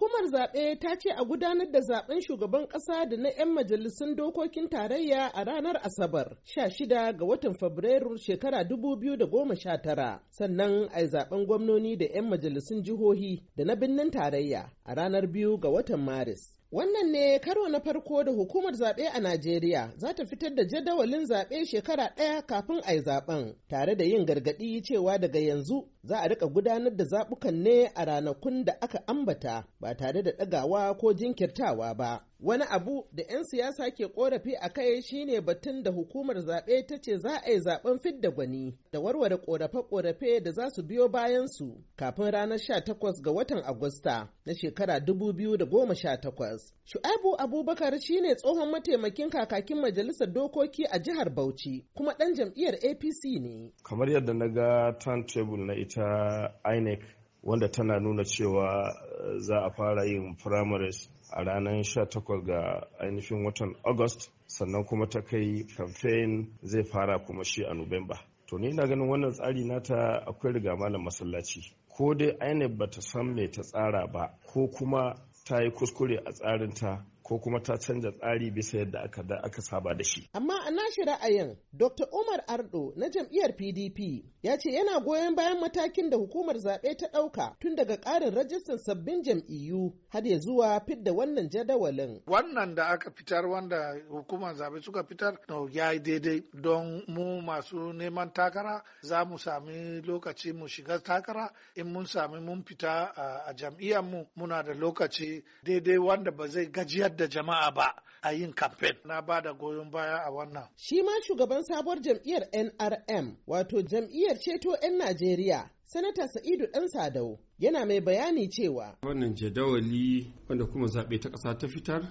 Hukumar zaɓe ta ce a gudanar da zaben shugaban ƙasa da na 'yan majalisun dokokin tarayya a ranar Asabar 16 ga watan Fabrairu shekara 2019 sannan a zaben gwamnoni da 'yan majalisun jihohi da na birnin tarayya a ranar 2 ga watan Maris. Wannan ne karo na farko da hukumar zaɓe a Najeriya za ta fitar da jadawalin zaɓe shekara ɗaya kafin a yi zaɓen, tare da yin gargaɗi cewa daga yanzu za a rika gudanar da zaɓukan ne a ranakun da aka ambata ba tare da ɗagawa ko jinkirtawa ba. Wani abu da 'yan siyasa ke korafi a kai shine batun da hukumar zaɓe ta ce za a yi zaɓen fidda gwani da warware korafe-korafe da za su biyo bayansu kafin ranar 18 ga watan Agusta na shekara 2018. Shu'abu Abubakar shine tsohon mataimakin kakakin majalisar dokoki a jihar Bauchi kuma ɗan jam'iyyar APC ne. Kamar yadda na ga turntable na ita INEC wanda tana nuna cewa eh, za a fara yin primaries a ranar 18 ga ainihin watan august sannan kuma ta kai campaign zai fara kuma shi a november to ni na ganin wannan tsari nata akwai riga malam masallaci ko dai inec ba ta san me ta tsara ba ko kuma ta yi kuskure a tsarinta ko kuma ta canza tsari bisa yadda aka da aka saba da shi. Amma a nashi ra'ayin Dr. Umar Ardo na jam'iyyar PDP ya ce yana goyon bayan matakin da hukumar zaɓe ta ɗauka tun daga ƙarin rajistan sabbin jam'iyyu har ya zuwa fidda wannan jadawalin. Wannan da aka fitar wanda hukumar zaɓe suka fitar no, ya yi daidai don mu masu neman takara za mu sami lokaci mu shiga takara in mun sami mun fita a jam'iyyar mu muna da lokaci daidai wanda ba zai gajiyar da jama'a ba a yin kamfen na ba da goyon baya a wannan. Shi ma shugaban sabuwar jam'iyyar NRM wato jam'iyyar ceto 'yan Najeriya Sanata Sa'idu ɗan Sadau yana mai bayani cewa. Wannan jadawali wanda kuma zaɓe ta ƙasa ta fitar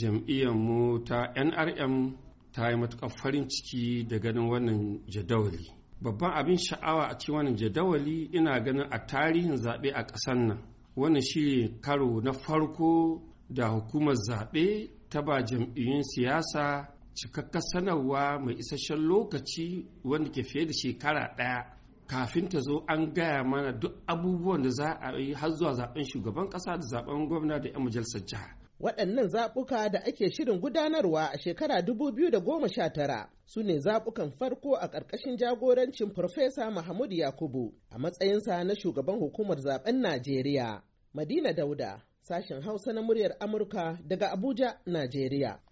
jam'iyyar mu ta NRM ta yi matuƙar farin ciki da ganin wannan jadawali. Babban abin sha'awa a cikin wannan jadawali ina ganin a tarihin zaɓe a ƙasar nan. Wannan shi karo na farko da hukumar zaɓe ta ba jam'iyyun siyasa cikakkar sanarwa mai isasshen lokaci wanda ke fiye da shekara ɗaya kafin ta zo an gaya mana duk abubuwan da za a yi har zuwa zaɓen shugaban ƙasa da zaɓen gwamna da 'yan majalisar jiha. waɗannan zaɓuka da ake shirin gudanarwa a shekara 2019 su ne zaɓukan farko a ƙarƙashin jagorancin Farfesa Mahamudu Yakubu a matsayinsa na shugaban hukumar zaben Najeriya. Madina Dauda, Sashen Hausa na muryar Amurka daga Abuja, Najeriya.